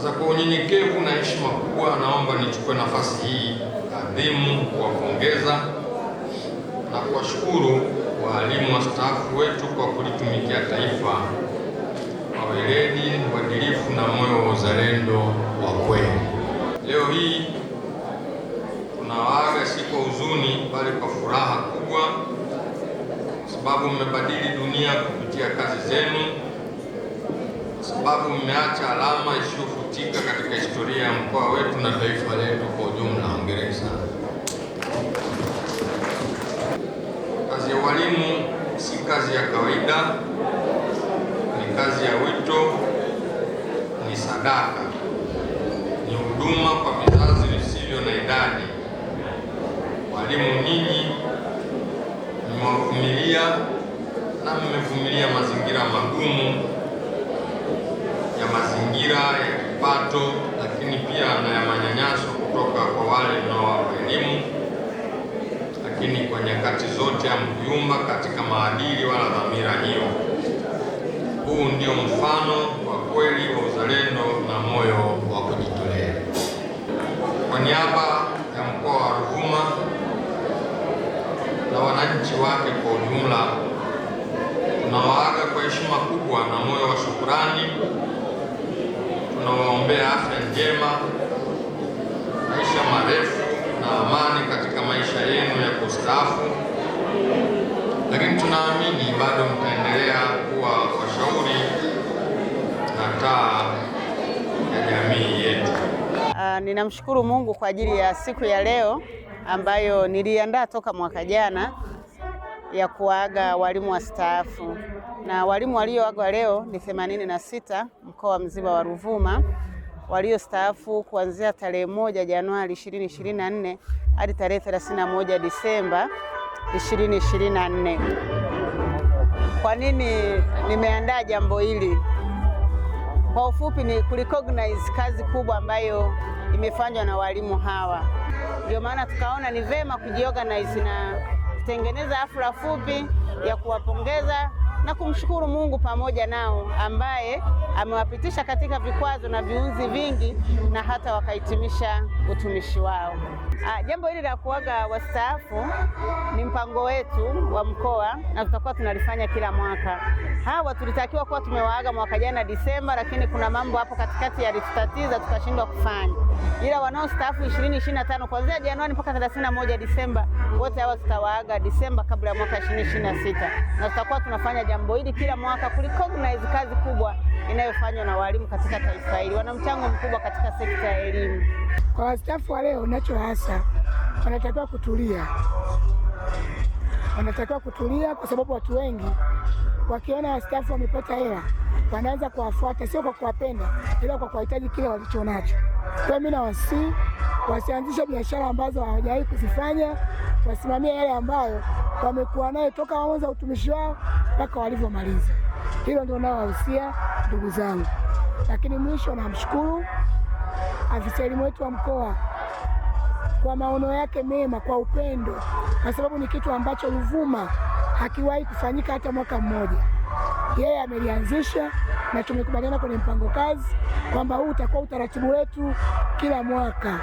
Sasa kwa unyenyekevu na heshima kubwa, naomba nichukue nafasi hii adhimu kuwapongeza na kuwashukuru walimu wastaafu wetu kwa kulitumikia taifa kwa weledi, uadilifu na moyo wa uzalendo wa kweli. Leo hii tunawaaga si kwa huzuni, bali kwa furaha kubwa, sababu mmebadili dunia kupitia kazi zenu sababu mmeacha alama isiyofutika katika historia ya mkoa wetu na taifa letu kwa ujumla. Hongereni sana. Kazi ya walimu si kazi ya kawaida, ni kazi ya wito, ni sadaka, ni huduma kwa vizazi visivyo na idadi. Walimu nyinyi mmewavumilia na mmevumilia mazingira magumu nyakati zote hamkuyumba katika maadili wala dhamira hiyo. Huu ndio mfano wa kweli wa uzalendo na moyo wa kujitolea. Kwa niaba ya mkoa wa Ruvuma na wananchi wake kwa ujumla, tunawaaga kwa heshima kubwa na moyo wa shukurani. Tunawaombea afya njema, maisha marefu na amani katika maisha yenu ya kustaafu lakini tunaamini bado mtaendelea kuwa washauri taa ya jamii yetu. Uh, ninamshukuru Mungu kwa ajili ya siku ya leo ambayo niliandaa toka mwaka jana ya kuaga walimu wastaafu, na walimu walioagwa leo ni themanini na sita mkoa mzima wa Ruvuma waliostaafu kuanzia tarehe moja Januari 2024 hadi tarehe 31 Disemba 2024. Kwa nini nimeandaa jambo hili? Kwa ufupi ni kurecognize kazi kubwa ambayo imefanywa na walimu hawa. Ndio maana tukaona ni vema kujiorganize na kutengeneza hafla fupi ya kuwapongeza na kumshukuru Mungu pamoja nao ambaye amewapitisha katika vikwazo na viunzi vingi na hata wakahitimisha utumishi wao. Ah, jambo hili la kuaga wastaafu mpango wetu wa mkoa na tutakuwa tunalifanya kila mwaka. Hawa tulitakiwa kuwa tumewaaga mwaka jana Disemba, lakini kuna mambo hapo katikati yalitutatiza tukashindwa kufanya, ila wanaostaafu ishirini kuanzia Januari mpaka 31 Disemba, wote hawa tutawaaga Disemba kabla ya mwaka 2026, na na tutakuwa tunafanya jambo hili kila mwaka kurecognize kazi kubwa inayofanywa na walimu katika taifa hili. Wana mchango mkubwa katika sekta ya elimu. Kwa wastaafu wa leo, nacho hasa wanatakiwa kutulia wanatakiwa kutulia, kwa sababu watu wengi wakiona wastaafu wamepata hela wanaanza kuwafuata, sio kwa kuwapenda, ila kwa kuwahitaji kile walichonacho. Kwa mimi nawasii wasianzishe biashara ambazo hawajawahi kuzifanya, wasimamie yale ambayo wamekuwa naye toka waanza utumishi wao mpaka walivyomaliza. Hilo ndio nawahusia ndugu zangu. Lakini mwisho namshukuru afisa elimu wetu wa mkoa kwa maono yake mema, kwa upendo, kwa sababu ni kitu ambacho Ruvuma hakiwahi kufanyika hata mwaka mmoja. Yeye amelianzisha na tumekubaliana kwenye mpango kazi kwamba huu utakuwa utaratibu wetu kila mwaka.